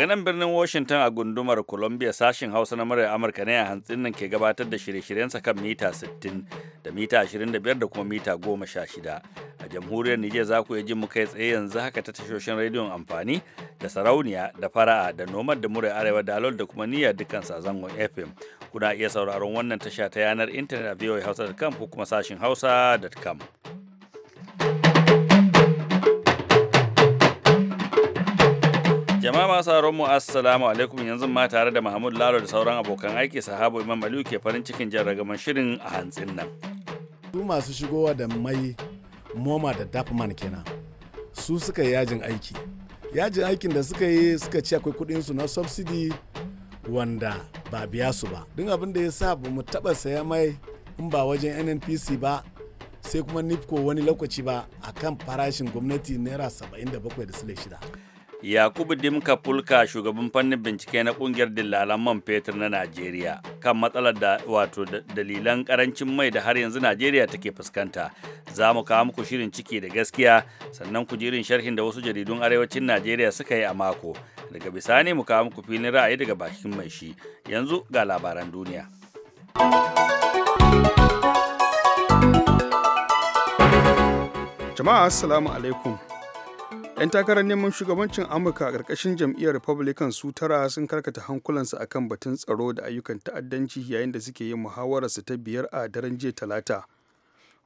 Daga nan birnin Washington a gundumar Columbia sashin Hausa na murar Amurka ne a hantsin nan ke gabatar da shirye-shiryensa kan mita 60 da mita 25 da kuma mita 16. A jamhuriyar Nijar za ku iya jin mu kai tsaye yanzu haka ta tashoshin rediyon amfani da sarauniya da fara'a da nomad da murar arewa da alol da kuma niyyar dukkan zangon FM. Kuna iya sauraron wannan tasha ta yanar intanet a voahausa.com ko kuma sashin hausa.com. Jama'a masu haron mu assalamu alaikum yanzu ma tare da Mahmud Lalo da sauran abokan aiki sahabo Imam Aliyu ke farin cikin jan ragaman shirin a hantsin nan. Su masu shigowa da mai MoMA da Dapman kenan. Su suka yi yajin aiki. Yajin aikin da suka yi suka ci akwai kuɗin su na subsidy wanda ba biya su ba. Duk abin da ya sa ba mu taɓa saya mai in ba wajen NNPC ba sai kuma NIPCO wani lokaci ba akan farashin gwamnati naira 77 da shida. Yakubu Dimka Fulka shugaban fannin bincike na kungiyar dillalan man fetur na Najeriya kan matsalar da wato dalilan karancin mai da har yanzu Najeriya take fuskanta. Za mu kawo muku shirin ciki da gaskiya sannan ku jirin sharhin da wasu jaridun arewacin Najeriya suka yi a mako. Daga bisani mu kawo muku filin ra'ayi daga bakin mai shi. Yanzu ga labaran duniya. Jama'a assalamu alaikum. 'yan takarar neman shugabancin amurka a ƙarƙashin jam'iyyar republican su tara sun karkata hankulansu a kan batun tsaro da ayyukan ta'addanci yayin da suke yin muhawararsu ta biyar a daren jiya talata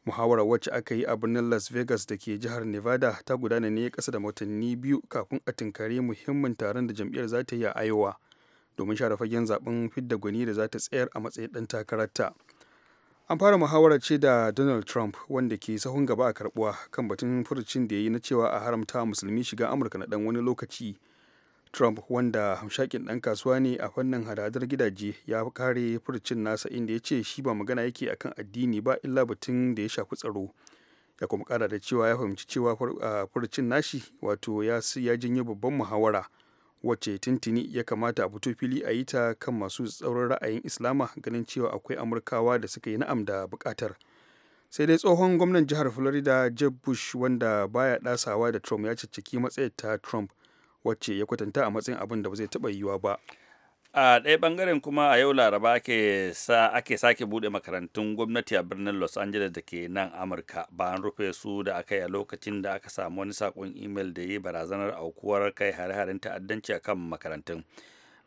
muhawarar wacce aka yi a birnin las vegas da ke jihar nevada ta gudana ne kasa da watanni biyu kafin a tunkari muhimmin taron da jam'iyyar za ta yi a iowa domin share fagen zaben fidda gwani da za ta tsayar a matsayin ɗan takararta. an fara muhawarar ce da donald trump wanda ke sahun gaba a karbuwa kan batun furucin da ya yi na cewa a haramta musulmi shiga amurka na dan wani lokaci trump wanda hamshakin dan kasuwa ne a fannin hadadar gidaje ya kare furucin nasa inda ya ce shi ba magana yake akan addini ba illa batun da ya shafi tsaro ya kuma kara da cewa ya fahimci cewa furucin nashi wato ya janyo babban muhawara wacce tuntuni ya kamata a fito fili a yi ta kan masu tsaurin ra'ayin islama ganin cewa akwai amurkawa da suka yi na'am da bukatar sai dai tsohon gwamnan jihar florida jeb bush wanda baya dasawa da trump ya cicciki matsayar ta trump wacce ya kwatanta a matsayin abin da ba zai taba yiwuwa ba a ɗaya ɓangaren kuma a yau laraba ake sa sake buɗe makarantun gwamnati a birnin los angeles da ke nan amurka ba an rufe su da aka yi a lokacin da aka samu wani sakon imel da yi barazanar aukuwar kai hare-haren ta'addanci a kan makarantun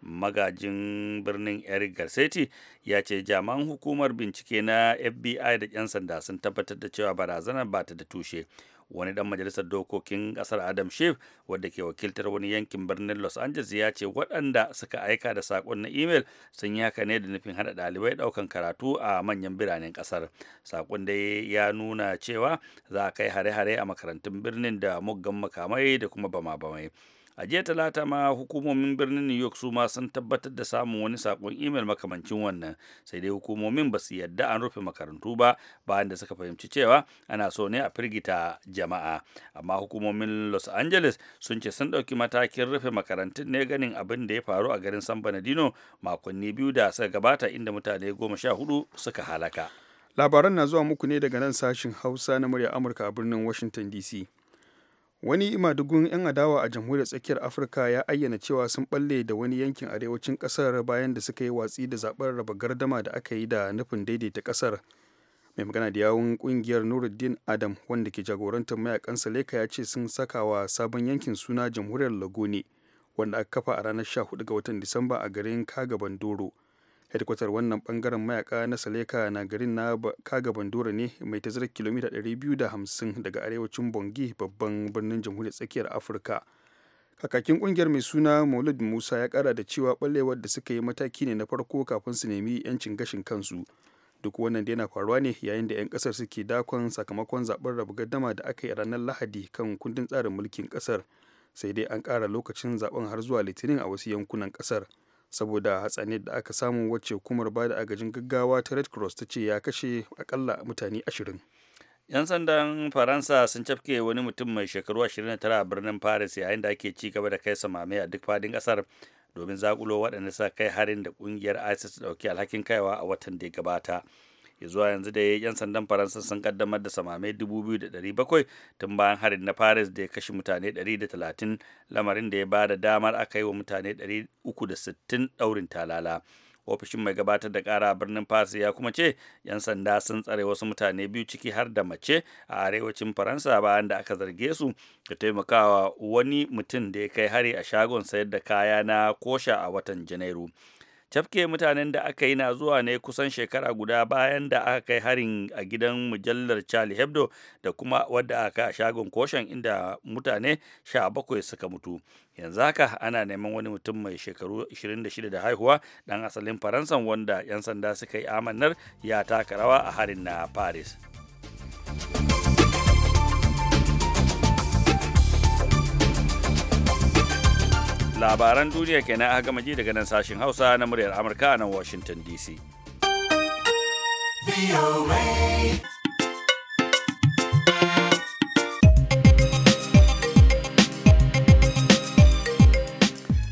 magajin birnin eric garcetti ya ce jami'an hukumar bincike na fbi da 'yan sanda sun tabbatar da cewa barazanar ba ta da tushe wani dan majalisar dokokin kasar adam shef wadda ke wakiltar wani yankin birnin los angeles ya ce waɗanda suka aika da sakon na imel sun yi haka ne da nufin hada ɗalibai ɗaukan karatu a manyan biranen ƙasar, sakon da ya nuna cewa za a kai hare-hare a makarantun birnin da muggan makamai da kuma bama-bamai a jiya talata ma hukumomin birnin new york su ma sun tabbatar da samun wani sakon imel makamancin wannan sai dai hukumomin ba su yadda an rufe makarantu ba bayan da suka fahimci cewa ana so ne a firgita jama'a amma hukumomin los angeles sun ce sun ɗauki matakin rufe makarantun ne ganin abin da ya faru a garin san bernardino makonni biyu da suka gabata inda mutane goma sha hudu suka halaka labaran na zuwa muku ne daga nan sashin hausa na murya amurka a birnin washington dc Wani imadugun 'yan adawa a Jamhuriyar Tsakiyar Afirka ya ayyana cewa sun ɓalle da wani yankin arewacin kasar bayan da suka yi watsi da zaɓen raba gardama da aka yi da nufin daidaita kasar Mai magana da yawun ƙungiyar Nuruddin Adam wanda ke jagorantar mayakan Saleka ya ce sun saka wa sabon yankin suna Jamhuriyar Lagone wanda aka kafa a ranar 14 ga watan Disamba a garin Kaga Bandoro. hedkwatar wannan bangaren mayaka na saleka na garin na kaga bandura ne mai tazarar kilomita 250 daga arewacin bongi babban birnin jamhuriyar tsakiyar afirka kakakin kungiyar mai suna maulud musa ya kara da cewa ɓallewar da suka yi mataki ne na farko kafin su nemi yancin gashin kansu duk wannan da yana faruwa ne yayin da 'yan kasar suke dakon sakamakon zaben rabu gaddama da aka yi ranar lahadi kan kundin tsarin mulkin kasar sai dai an kara lokacin zaben har zuwa litinin a wasu yankunan kasar saboda hatsaniyar da aka samu wacce hukumar bada agajin gaggawa ta red cross ta ce ya kashe akalla mutane ashirin 'yan sandan faransa sun cafke wani mutum mai shekaru 29 a birnin paris yayin da ake ci gaba da kai samame a duk fadin kasar domin zakulo waɗanda sa kai harin da ƙungiyar isis ɗauki alhakin kaiwa a watan da ya gabata zuwa yanzu da yan sandan faransa sun kaddamar da samamai 2,700 tun bayan harin na paris da ya kashe mutane 130 lamarin da ya ba da damar aka yi wa mutane 360 daurin talala ofishin mai gabatar da kara birnin paris ya kuma ce yan sanda sun tsare wasu mutane biyu ciki har da mace a arewacin faransa bayan da aka zarge su da taimakawa wani mutum da ya kai hari a shagon sayar da kaya na kosha a watan janairu cafke mutanen da aka yi na zuwa ne kusan shekara guda bayan da aka kai harin a gidan mujallar charlie hebdo da kuma wadda aka a shagon koshen inda mutane sha bakwai suka mutu yanzu haka ana neman wani mutum mai shekaru 26 da haihuwa dan asalin faransan wanda 'yan sanda suka yi amannar ya taka rawa a harin na paris labaran duniya kenan aka gama ji daga nan sashen hausa na muryar amurka na nan washington dc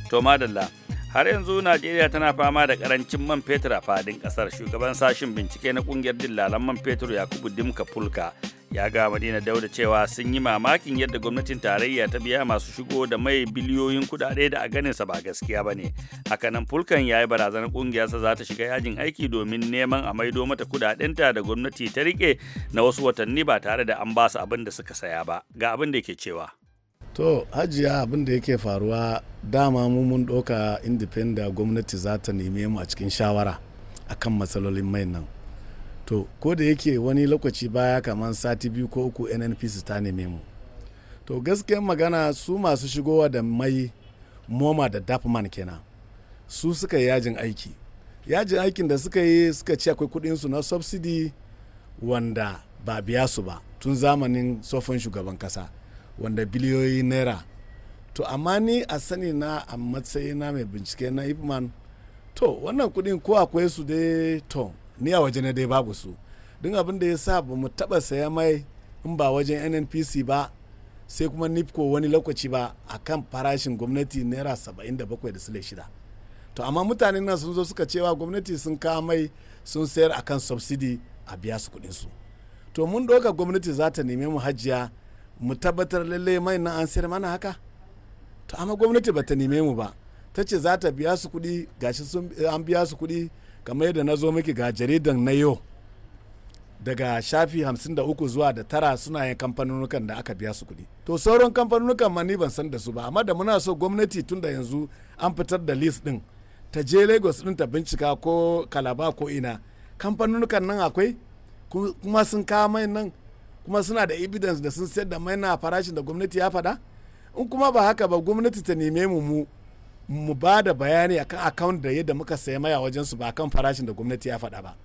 to madalla har yanzu najeriya tana fama da karancin man fetur a fadin kasar shugaban sashen bincike na kungiyar dillalan man fetur yakubu dimka fulka ya ga madina dauda cewa sun yi mamakin yadda gwamnatin tarayya ta biya masu shigo da mai biliyoyin kudade da a ganinsa ba gaskiya ba ne hakanan fulkan ya yi barazanar kungiyarsa za ta shiga yajin aiki domin neman a maido mata kudadenta da gwamnati ta rike na wasu watanni ba tare da an ba su abin da suka saya ba ga abin da yake cewa to hajiya abin da yake faruwa dama mu mun ɗauka independent gwamnati za ta neme mu a cikin shawara akan matsalolin mai nan to ko da yake wani lokaci baya kamar sati biyu ko uku nnpc ta neme mu to gaskiyar magana su masu shigowa da mai moma da dapman kenan su suka yi yajin aiki yajin aikin da suka yi suka ce akwai su na subsidy wanda ba biya su ba tun zamanin tsofin shugaban kasa wanda biliyoyi naira to amma ni a sani na a matsayi na mai bincike na ipman to wannan kudin ko akwai su dai to ni a waje na dai babu su duk abin da ya sa ba mu taba saya mai in ba wajen nnpc ba sai kuma nipco wani lokaci ba a kan farashin gwamnati naira saba'in da bakwai da sule shida to amma mutanen nan sun zo suka cewa gwamnati sun kawo mai sun sayar a kan subsidi a biya su kudin su to mun doka gwamnati za ta neme mu hajiya mu tabbatar lalle mai nan an sayar mana haka to amma gwamnati ba ta neme mu ba ta ce za ta biya su kuɗi gashi sun an biya su kuɗi kamar yadda na zo miki ga jaridan na yau daga shafi 53 zuwa da tara suna yin kamfanonukan da aka biya su kuɗi to sauran kamfanonukan ma ni ban san da su ba amma da muna so gwamnati tun da yanzu an fitar da list din ta je lagos din ta bincika ko kalaba ko ina kamfanonukan nan akwai kuma sun kawo mai nan kuma suna da evidence da sun sayar da mai na farashin da gwamnati ya faɗa in kuma ba haka ba gwamnati ta neme mu mu mu ba da bayani akan account da yadda muka saya maya wajen su ba kan farashin da gwamnati ya faɗa ba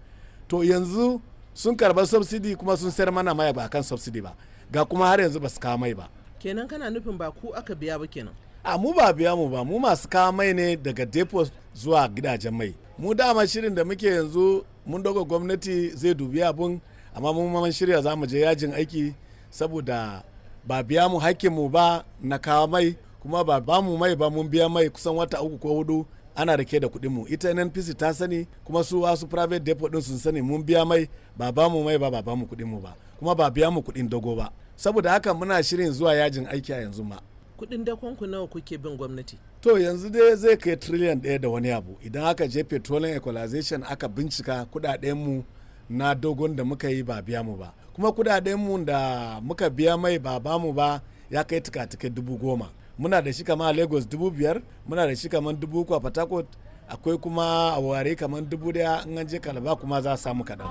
to yanzu sun karba subsidy kuma sun sayar mana maya ba kan subsidy ba ga kuma har yanzu ba su kawo mai ba kenan kana nufin ba ku aka biya ba kenan a mu ba biya mu ba mu masu kawo mai ne daga depot zuwa gidajen mai mu dama shirin da muke yanzu mun dogo gwamnati zai dubi abun amma mun man shirya za mu je yajin aiki saboda ba biya mu hakkin mu ba na kawo mai kuma ba ba mu mai ba mun biya mai kusan wata uku ko hudu ana rike da kuɗin mu ita NNPC ta sani kuma su wasu private depot din sun sani mun biya mai ba ba mu mai ba ba ba mu kuɗin mu ba kuma ba biya mu kuɗin dogo ba saboda haka muna shirin zuwa yajin aiki a yanzu ma kuɗin dakon ku nawa kuke bin gwamnati to yanzu dai zai kai trillion ɗaya da wani abu idan aka je petroleum equalization aka bincika kuɗaɗen mu na dogon da muka yi ba biya mu ba kuma kuɗaɗen mu da muka biya mai ba ba mu ba ya kai tuka dubu goma muna da shi kama a lagos dubu biyar muna da shi kaman dubu uku a patakot akwai kuma a ware kaman dubu daya in an je kalaba kuma za a samu kaɗan.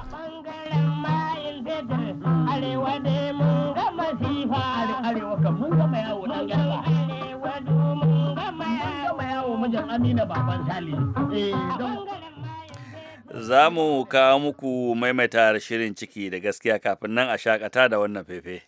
Eh, za mu kawo muku maimaita shirin ciki da gaskiya kafin nan a shakata da wannan fefe.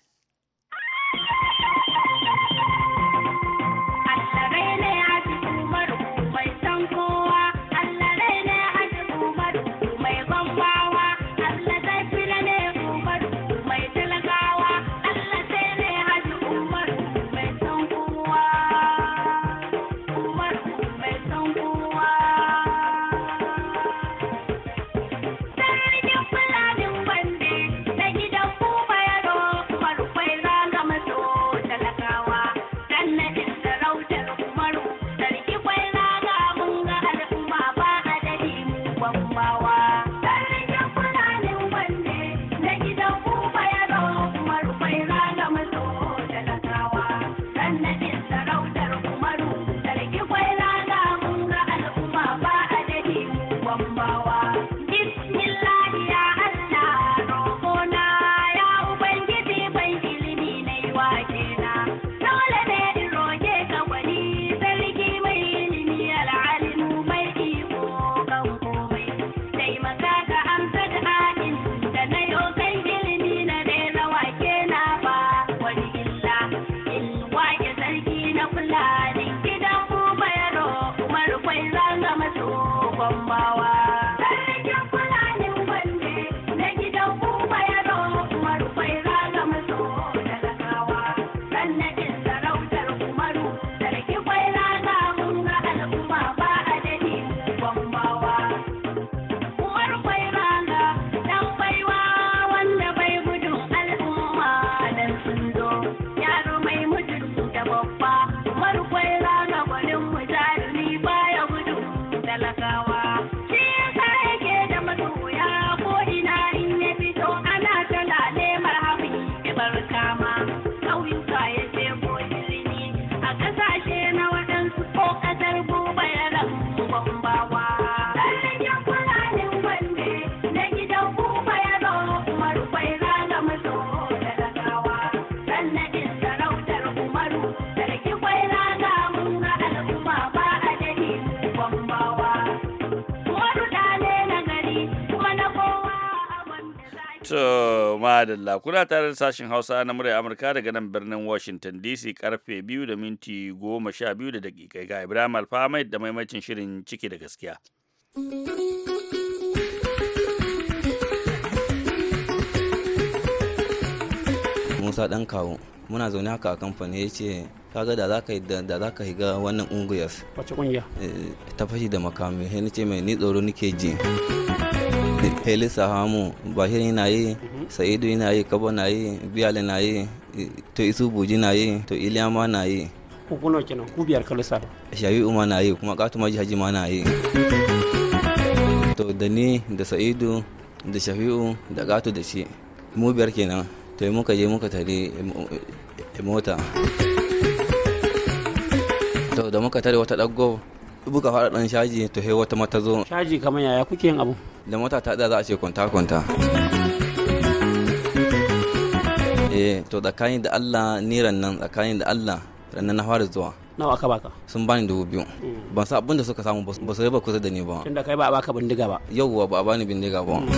To madalla kuna tare da sashen Hausa na murya Amurka daga nan birnin Washington DC karfe biyu da minti goma sha biyu da daƙiƙa ga Ibrahim Alfahamid da maimacin shirin ciki da gaskiya. Musa dan kawo muna zaune haka a kamfani ya ce kaga da zaka da zaka higa wannan ungiyar wace kungiya eh, ta fashi da makami sai ce mai ni tsoro nike ji helisa hamu Bahiri na yi mhm. sa'idu na yi kabo na yi biyali na yi to isu buji na yi to iliyama na yi ku kenan ku biyar kalu kalisa shayi umar na yi kuma katuma Haji ma na yi to da ni da sa'idu da shafi'u da Katu da shi mu biyar kenan to yi muka je muka tare e, e, mota to da muka tare wata ɗaggo. buga fara dan shaji to he wata mata zo shaji kamar yaya kuke yin abu da mota ta da za a ce kwanta kwanta eh to kai da Allah niran nan tsakanin da Allah rannan na fara zuwa nawa aka baka sun bani dubu biyu hmm. ban sa abin da suka samu ba su ba kusa da ni ba tunda kai ba a baka bindiga ba yauwa ba a bani bindiga ba hmm.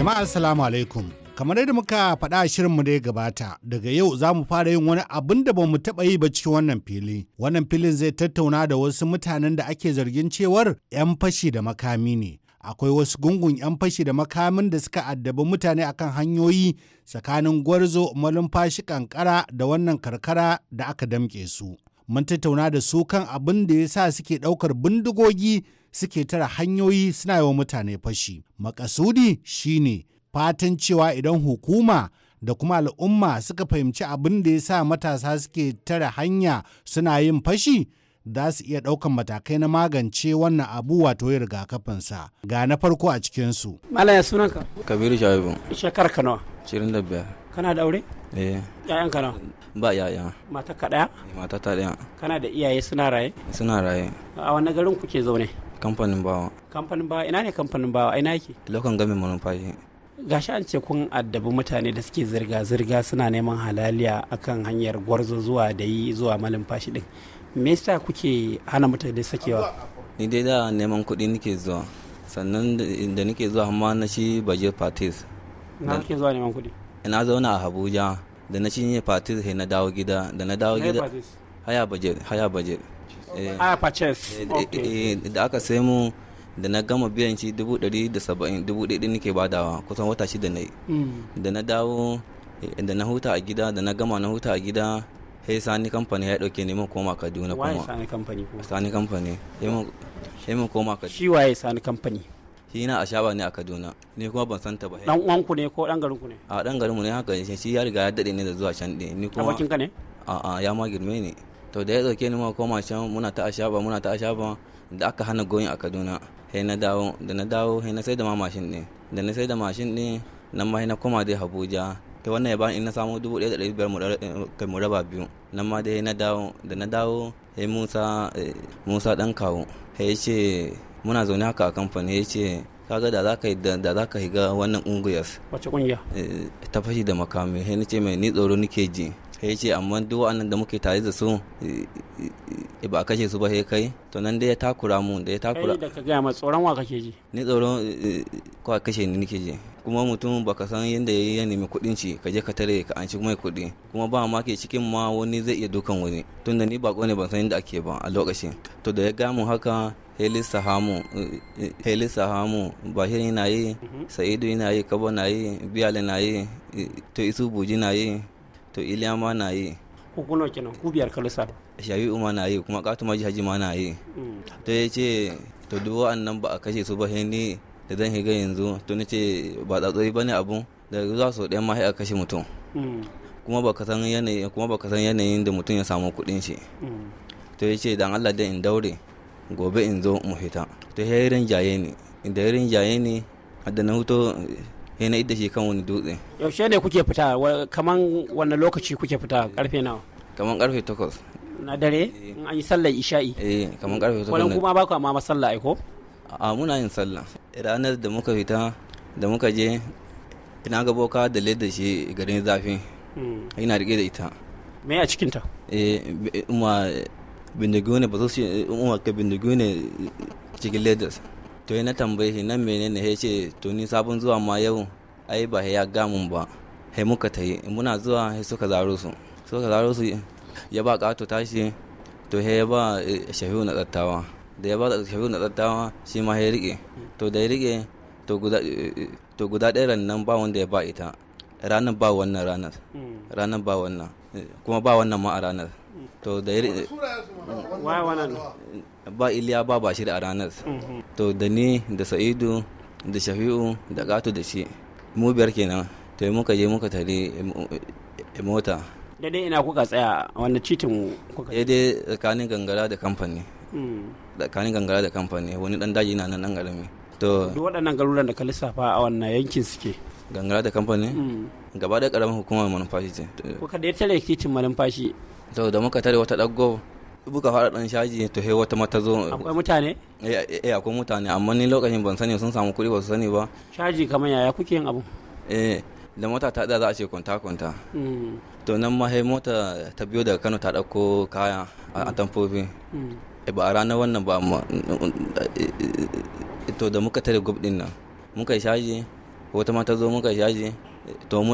jama'a assalamu alaikum kamar da muka faɗa a shirinmu da ya gabata daga yau za mu fara yin wani abin da ba mu taɓa yi ba cikin wannan fili wannan filin zai tattauna da wasu mutanen da ake zargin cewar 'yan fashi da makami ne akwai wasu gungun 'yan fashi da makamin da suka addabi mutane akan hanyoyi tsakanin gwarzo malumfashi kankara da wannan karkara da aka damke su mun tattauna da su kan abin da ya sa suke ɗaukar bindigogi suke tara hanyoyi suna yi wa mutane fashi makasudi shine fatan cewa idan hukuma da kuma al'umma suka fahimci abin da ya sa matasa suke tare hanya suna yin fashi za su iya ɗaukan matakai na magance wannan abu wato ya rigakafinsa ga na farko a cikinsu. Malaya sunanka? Kabiru Shabibu. Shekar ka nawa? Shirin da biyar. Kana da aure? Eh. Ya'yan ka nawa? Ba ya'ya. Mata ka ɗaya? Eh, Mata ta ɗaya. Kana da iyaye suna raye? Suna raye. A wani garin kuke zaune? Kamfanin bawa. Kamfanin bawa ina ne kamfanin bawa ina yake? Lokan gamin manumfashi. gashi an ce kun addabi mutane da suke zirga-zirga suna neman halaliya akan hanyar gwarzo zuwa da yi zuwa fashi din me yasa kuke hana mutane sakewa ni dai da neman kuɗi nake zuwa sannan da nake zuwa amma na shi baje patis na kake zuwa neman kuɗi ina zauna a abuja da na shi ne patis sai na dawo gida da na dawo gida haya baje haya baje haya patis da aka sai mu da na gama biyan shi dubu ɗari da saba'in dubu ɗaya nake badawa kusan wata shida na yi mm. da na dawo da na huta a gida da na gama na huta a gida sai sani kamfani ya dauke neman koma kaduna kuma sani kamfani ko sani kamfani sai mun koma kaduna shi waye sani kamfani shi na a shaba ne a kaduna ni kuma ban santa ba dan uwan ku ne ko dan garin ku ne a dan garin mu ne haka shi ya riga ya dade ne da zuwa can din ni kuma abokin ka ne a a ya ma girme ne to da ya dauke ni ma koma can muna ta a shaba muna ta a shaba da aka hana goyin a kaduna sai na dawo da na dawo sai na sai da ma mashin ɗin da na sai da mashin ɗin nan ma na koma dai Abuja ta wannan yaban in na samu dubu ɗaya da ɗari biyar mu raba eh, biyu nan ma dai na dawo da na dawo sai Musa eh, Musa ɗan kawo sai ya ce muna zaune haka a kamfani ya ce kaga da za ka da za ka shiga wannan ungiyar wace kungiya eh, ta fashi da makami sai na ce mai ni tsoro nike ji ya ce amma duk wa'annan da muke tare da su eh, ba a kashe su ba sai kai to nan dai ya takura mu da ya takura kai da ka gaya ma tsoron wa kake ji ni tsoron eh, ko kashe ni nake ji kuma mutum ba ka san yadda ya nemi kuɗin ci ka je ka tare ka an ci mai kuɗi kuma ba ma ke cikin ma wani zai iya dukan wani tunda ni ba ne ban san yadda ake ba a lokacin to da ya mu haka heli sahamu eh, heli sahamu bahir yana yi mhm. sa'idu yana yi kabo na yi biyale na yi to isu buji na yi to iliya ma na yi ku kuna kenan ku biyar kalisa shayu ma na yi kuma katu maji haji ma na yi mm. to ya ce to duk wa'annan ba a kashe su ba ni da zan higa yanzu to ni ce ba tsatsori ba ne abu. da zuwa sau ɗaya ma sai a kashe mutum mm. kuma ba ka san yanayin kuma ba ka san yanayin da mutum ya samu kuɗin shi mm. to ya ce dan Allah da in daure gobe in zo mu fita to ya yi rinjaye ni da ya rinjaye ni da na hutu. eh na idda shi kan wani dutse yaushe ne kuke fita kaman wannan lokaci kuke fita karfe nawa kaman karfe takwas na dare eh. an yi sallar isha'i eh kaman karfe takwas wannan kuma ba ku amma masalla ai ko a muna yin sallah ranar da muka fita da muka je ina ga boka da ledda shi garin zafi hmm. ina rike da ita me a cikinta eh umma bindigune ba su umma ka bindigune cikin ledas to na tambaye shi nan menene ya ce to ni sabon zuwa ma yau ai ba ya gamun ba he muka ta yi muna zuwa he suka zaro su suka zaro su ya ba kato tashi to he ya ba eh, shahiru na tsattawa da ya ba shahiru na tsattawa shi ma ya rike to da ya rike eh, eh, to guda ɗaya nan ba wanda ya ba ita ranar ba wannan ranar hmm. ranar ba wannan kuma ba wannan ma a ranar hmm. to da ya rike ba iliya ba shi da ranar to da ni da sa'idu da shafi'u da gato da shi mu biyar kenan to yi muka je muka tare eh, mota daidai ina kuka tsaya wanda citin kuka daidai tsakanin gangara da kamfani hmm. tsakanin gangara da kamfani wani dan daji na nan garami to duk waɗannan garuruwan da ka lissafa a wannan yankin suke gangara da kamfani hmm. gaba da ƙaramin hukumar manufashi ce kuka da ya tare titin manufashi to da muka tare wata ɗaggo buka fara dan shaji to he wata mata zo akwai mutane eh, eh, eh akwai mutane amma ni lokacin ban sani sun samu kuɗi ba su sani ba shaji kamar yaya kuke yin abu eh da mota ta da za a ce kwanta kwanta hmm. to nan ma he mota ta biyo daga Kano ta dauko kaya a tamfofi hmm. eh, ba ranar wannan ba to da muka tare gub din nan muka shaji wata mata zo muka shaji to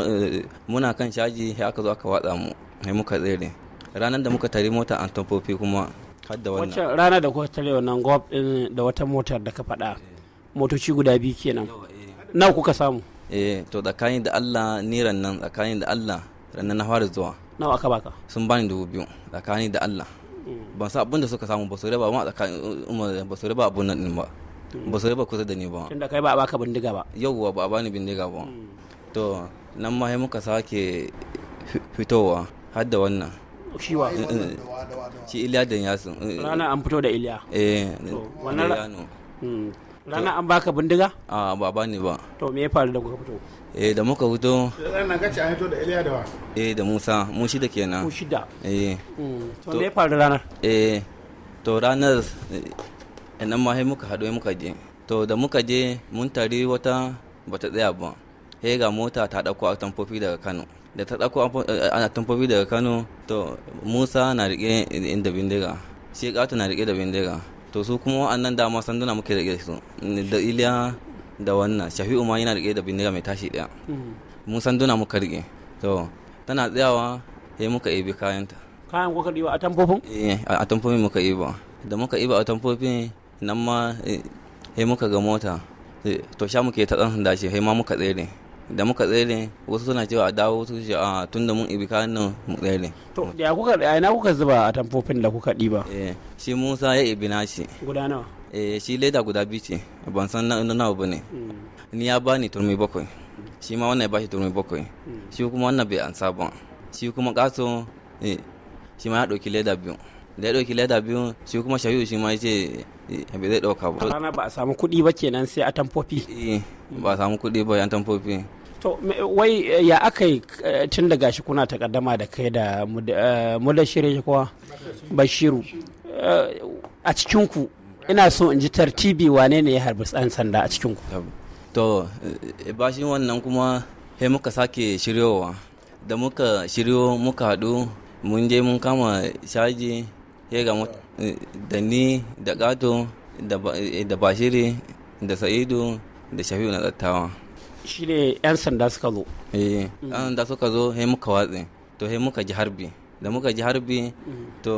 muna kan shaji he aka zo aka watsa mu sai muka tsere ranar da muka tare mota an tamfofi kuma har da wannan wacce ranar da kuka tare wannan gwab din da wata motar da ka faɗa eh. motoci guda biyu kenan eh. Na kuka samu eh to tsakanin da Allah ni rannan tsakanin da Allah rannan na fara zuwa nawa aka baka sun bani dubu biyu tsakanin da Allah mm. ban sa abin da suka samu ba su raba ma tsakanin um, um, ba su raba abun nan ba mm. ba su raba kusa da ni ba tunda kai ba a baka bindiga ba yauwa ba a bani bindiga ba mm. to nan ma muka sake fitowa har da wannan shiwa eh, eh. shi iliya da yasin eh, rana an fito da iliya eh wannan hmm. rana an baka bindiga a ba ba ne ba to me ya faru da kuka fito eh da muka fito rana ga ci an fito da iliya da wa eh da musa mu shida kenan mu shida eh hmm. to me ya faru rana eh to ranar nan ma muka haɗu muka je to da muka je mun tare wata bata tsaya ba sai ga mota ta ɗauko a tamfofi daga kano da ta ɗauko eh, ana tumfafi daga kano to musa na riƙe da bindiga shi ƙato na riƙe da bindiga to su kuma wa'annan dama sanduna muke riƙe su da iliya da wannan shafi'u ma yana riƙe da bindiga mai tashi ɗaya mm-hmm. mun sanduna muka riƙe to tana tsayawa sai muka ibi kayanta kayan kuka ɗiba a tamfofin? eh a tamfofin muka ɗiba da muka ɗiba a tamfofin nan ma sai eh, muka ga mota eh, to sha muke ta ɗan sanda shi sai ma muka tsere da muka tsere wasu suna cewa a dawo su ce a ah, tun da mun ibi kanin nan mu tsere. to ya kuka a ina kuka zuba a tamfofin da kuka ɗiba. eh shi musa ya ibi nashi. guda nawa. eh shi leda guda biyu ce ban san na nawa ba ne. Mm. ni ya bani turmi bakwai shi ma wannan ya bashi turmi bakwai mm. shi kuma wannan bai ansa ba shi kuma kaso eh, shi ma ya ɗauki leda biyu. da ya ɗauki leda biyu shi kuma shafi'u shi ma ce eh, bai zai ɗauka ba. rana ba a samu kuɗi ba kenan sai a tamfofi. Eh, ba a samu kuɗi ba a tamfofi. to wai eh, ya aka yi tun da gashi kuna takaddama da kai da shi kowa bashiru a cikinku ina so in ji tartibi wane ne ya harbi tsan sanda a cikinku. to shi wannan kuma sai muka sake shiryowa da muka shiryo muka haɗu mun je mun kama shaji ya ga da ni da gato da bashiri da sa'idu da shafi'u na tsattawa shi ne 'yan sanda suka zo eh 'yan sanda suka zo sai muka watsi to sai muka ji harbi da muka ji harbi to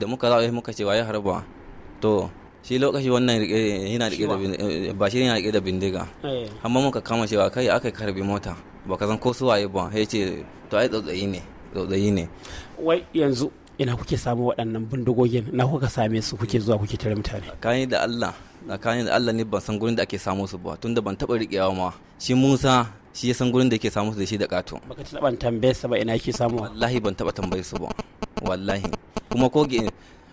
da muka zaɓe muka ce waye harba to shi lokaci wannan yana rike da eh, yana rike da bindiga eh. amma muka kama cewa kai aka karbi mota baka zan ko suwaye ba sai ce to ai tsautsayi ne tsautsayi ne wai yanzu ina kuke samu waɗannan bindigogin na kuka same su kuke zuwa kuke tare mutane kayan da Allah kayan da Allah ne ban san gurin da ake samu su ba tunda ban taɓa riƙewa ma shi Musa shi ya san gurin da yake samu su da shi da ƙato baka taɓa tambaye sa ba ina yake samu wallahi ban taɓa tambaye su ba wallahi kuma ko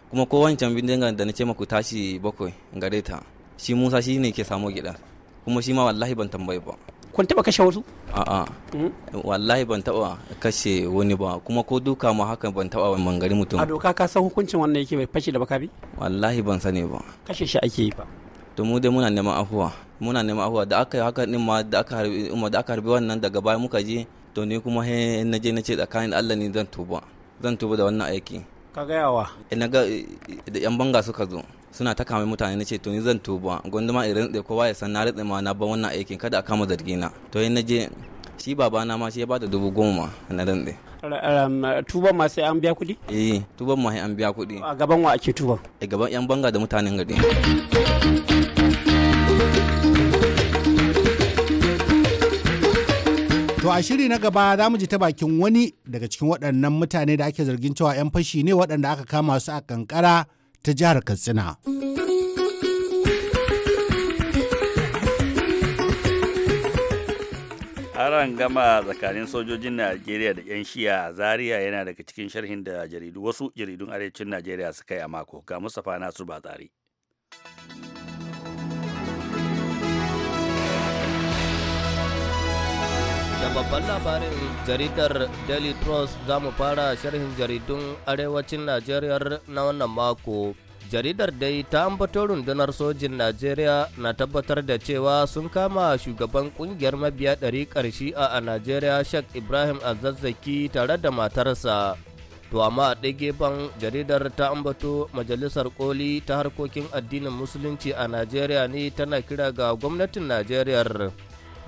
kuma ko wancan bindigan da na ce maku tashi bakwai gareta shi Musa shi ne ke samu gida kuma shi ma wallahi ban tambaye ba kun taba kashe wasu a'a hmm? wallahi ban taba kashe wani ba kuma ko duka ma haka ban taba wani mangari mutum a doka ka san hukuncin wannan yake mai fashi da bi wallahi ban sani ba kashe shi ake yi ba to mu dai muna neman afuwa muna neman afuwa da aka haka din ma da aka harbi umma da aka harbi wannan daga baya muka je to ni kuma he na je na ce tsakanin Allah ne zan tuba zan tuba da wannan aiki ka ga yawa eh, na ga yan eh, banga suka zo suna ta kama mutane nace to ni zan tuba gwanduma irin da kowa ya san na rinde ma na ban wannan aikin kada a kama zargina to yin naje shi babana ma shi ya bada dubu goma na rinde tuban ma sai an biya kuɗi? eh tuban ma sai an biya kuɗi a gaban wa ake tuban? a eh, gaban yan banga da mutanen gari To a shiri na gaba za mu ji ta bakin wani daga cikin waɗannan mutane da ake zargin cewa 'yan fashi ne waɗanda aka kama su a kankara ta jihar Katsina. Haran gama tsakanin sojojin Najeriya da 'yan shiya Zaria yana daga cikin sharhin da jaridu wasu jaridun arewacin Najeriya suka yi a mako ga Mustapha Nasu Batsari. da babban labarin jaridar daily trust za mu fara sharhin jaridun arewacin najeriya na wannan mako jaridar dai ta ambato rundunar sojin najeriya na tabbatar da cewa sun kama shugaban kungiyar mabiya ɗari ƙarshi a najeriya shak ibrahim azazzaki tare da matarsa to amma a ɗage ban jaridar ta ambato majalisar koli ta harkokin addinin musulunci a najeriya ne tana kira ga gwamnatin najeriya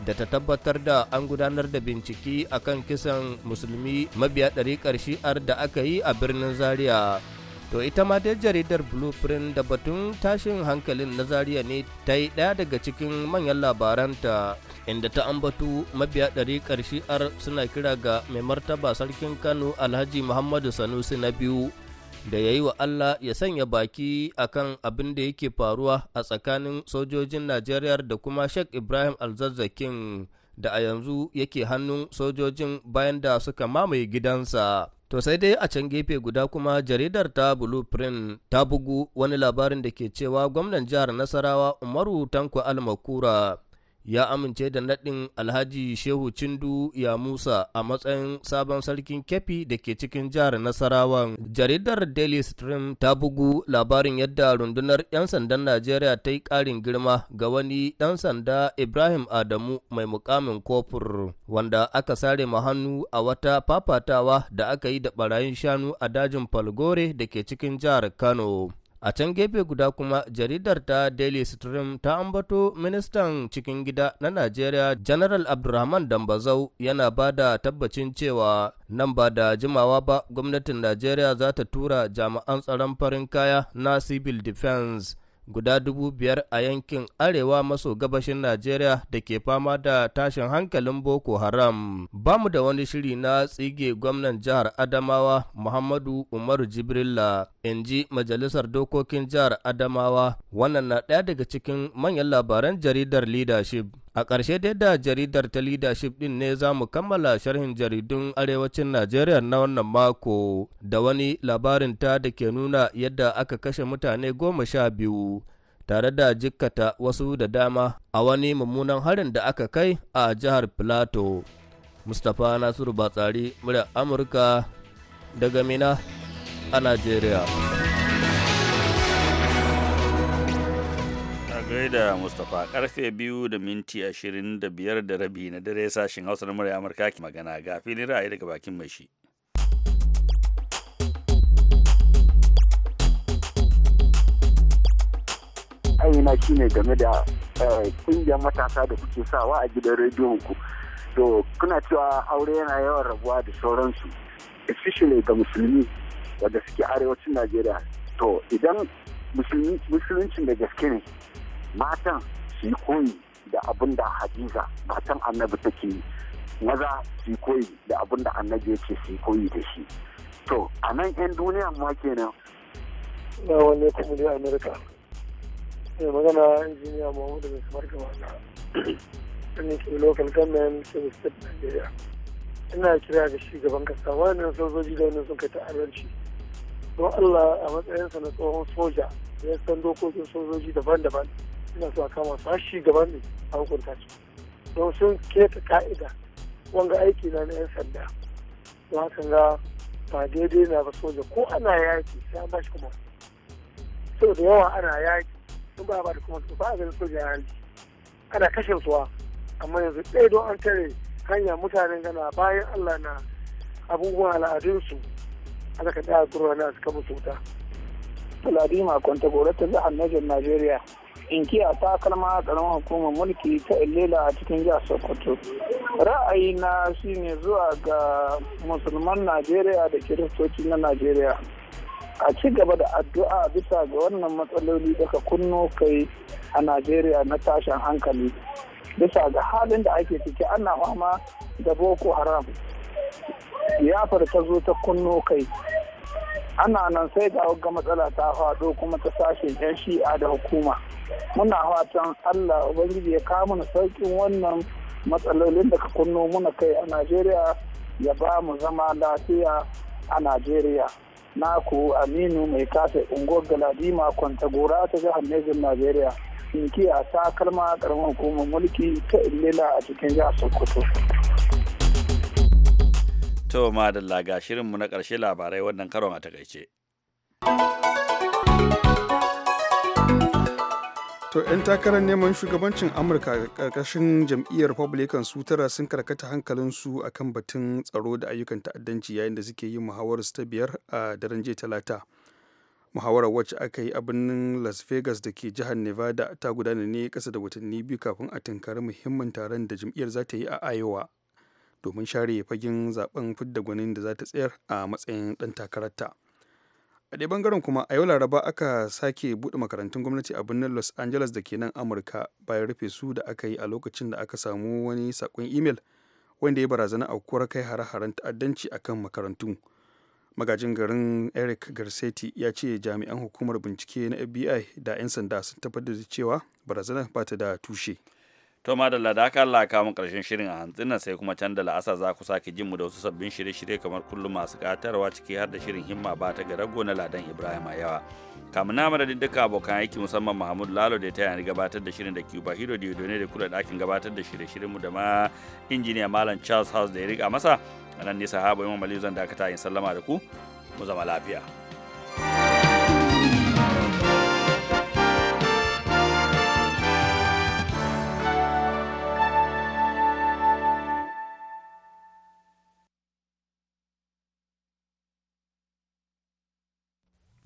da ta tabbatar da an gudanar da bincike a kan kisan musulmi mabiya ƙarshe shi'ar da aka yi a birnin zaria to ita ma dai jaridar blueprint da batun tashin hankalin na zaria ne ta yi ɗaya daga cikin manyan labaranta inda ta ambatu mabiya ƙarshe shi'ar suna kira ga mai martaba sarkin kano alhaji muhammadu sanusi na biyu da ya yi wa Allah ya sanya baki a kan abin da yake faruwa a tsakanin sojojin Najeriya da kuma Sheikh Ibrahim Alzazzakin da a yanzu yake hannun sojojin bayan da suka mamaye gidansa. To sai dai a can gefe guda kuma jaridar ta Blueprint ta bugu wani labarin da ke cewa gwamnan jihar Nasarawa Umaru Tanko Almakura ya amince da naɗin Alhaji Shehu Cindu ya Musa a matsayin sabon sarkin kefi da ke cikin jihar Nasarawa. Jaridar Daily Stream ta bugu labarin yadda rundunar 'yan sandan Najeriya ta yi ƙarin girma ga wani ɗan sanda Ibrahim Adamu mai mukamin kofur wanda aka sare ma hannu a wata fafatawa da aka yi da ɓarayin shanu a dajin Falgore da ke cikin jihar Kano. A can gefe guda kuma jaridar ta Daily Stream ta ambato ministan cikin gida na Najeriya General Abdulrahman Dambazau yana ba da tabbacin cewa nan ba da jimawa ba gwamnatin Najeriya za ta tura jami'an tsaron farin kaya na civil defense guda dubu biyar a yankin arewa maso gabashin Najeriya da ke fama da tashin hankalin Boko Haram. Ba mu da wani shiri na tsige gwamnan jihar Adamawa Muhammadu Umaru Jibrilla, in ji Majalisar Dokokin Jihar Adamawa, wannan na ɗaya daga cikin manyan labaran jaridar Leadership. A ƙarshe dai da jaridar ta leadership ɗin ne za mu kammala sharhin jaridun arewacin Najeriya na wannan mako da wani labarin ta da ke nuna yadda aka kashe mutane goma sha biyu tare da jikkata wasu da dama a wani mummunan harin da aka kai a jihar Filato. Mustapha Nasiru Batsari, murya Amurka daga Mina a Najeriya. gaida Mustapha karfe biyu da minti ashirin da biyar da rabi na dare sashen Hausa na murya Amurka ki magana ga filin ra'ayi daga bakin mai shi. shi shine game da eh, kungiyar matasa da kuke sawa a gidan rediyon ku. To kuna cewa aure yana yawan rabuwa da sauransu, especially ga musulmi wadda suke arewacin Najeriya. To idan musulunci da gaske ne matan su koyi da abin da hadiza matan annabi take yi maza su koyi da abin da annabi yake ce su koyi da shi to a nan 'yan duniya ma kenan na wani kuma da amurka mai magana injiniya mahmud da kamar gaba na ne ke local government civil state nigeria ina kira ga shugaban kasa wannan sojoji da wannan kai ta arwanci don allah a matsayinsa na tsohon soja ya san dokokin sojoji daban-daban suna so a kama su har shugaban ne a hukunta su don sun keta ka'ida wanga aiki na na 'yan sanda don haka ga ba daidai na ba soja ko ana yaki sai an bashi kuma sau da yawa ana yaki sun ba ba da kuma ba a ganin soja ya ana kashe suwa amma yanzu ɗaya don an tare hanya mutanen gana bayan allah na abubuwan al'adunsu aka ka ɗaya gurwa na suka musu wuta. Fuladi Makon ta Gora ta Jihar Najeriya. inkiya ta kalma karamar hukumar mulki ta illela a cikin jihar sokoto Ra'ayi shi shine zuwa ga musulman najeriya da kiristoci na najeriya a ci gaba da addu'a bisa ga wannan matsaloli daga kunno kai a najeriya na tashin hankali bisa ga halin da ake ciki ana fama da boko haram yafar ta zo ta kunno kai ana nan sai ga matsala ta faɗo kuma ta sashen 'yan shi'a da hukuma muna fatan allah ubangiji ya kawo mana sauƙin wannan matsalolin da ka kunno muna kai a najeriya ya ba mu zama lafiya a najeriya naku aminu mai kase unguwar galadima gora ta jihar nejin najeriya inkiya ta kalma karamin hukumar mulki ta illila a cikin jihar sokoto to madalla ga shirinmu na ƙarshe labarai wannan karon a takaice To 'yan takarar neman shugabancin Amurka ƙarƙashin jam'iyyar Republican su tara sun karkata hankalinsu a kan batun tsaro da ayyukan ta'addanci yayin da suke yin muhawarar ta biyar a daren jiya talata. Muhawarar wacce aka yi a birnin Las Vegas da ke jihar Nevada ta gudana ne kasa da watanni biyu kafin a tunkari muhimmin taron da jam'iyyar za ta yi a Iowa domin share fagen zaben fidda gwanin da za ta tsayar a matsayin ɗan takararta. a ɗaya bangaren kuma a yau laraba aka sake buɗe makarantun gwamnati a birnin los angeles da ke nan amurka bayan rufe su da aka yi a lokacin da aka samu wani sakon imel wanda ya barazana a kura kai hare-haren ta'addanci a kan makarantu magajin garin eric garcetti ya ce jami'an hukumar bincike na fbi da 'yan sanda sun tabbatar da cewa barazanar ba ta da tushe to madalla da ladaka Allah kawo karshen shirin a hantsin sai kuma can da la'asa za ku sake jin mu da wasu sabbin shirye-shirye kamar kullum masu katarwa ciki har da shirin himma ba ta garago na ladan Ibrahim a yawa kamun na mara duka abokan aiki musamman Mahmud Lalo da ya taya gabatar da shirin da Cuba hiro da Yodone da kula ɗakin gabatar da shirye-shiryen mu da ma injiniya Malam Charles House da ya riga masa a nan ne sahaba Imam Aliyu zan dakata in sallama da ku mu zama lafiya.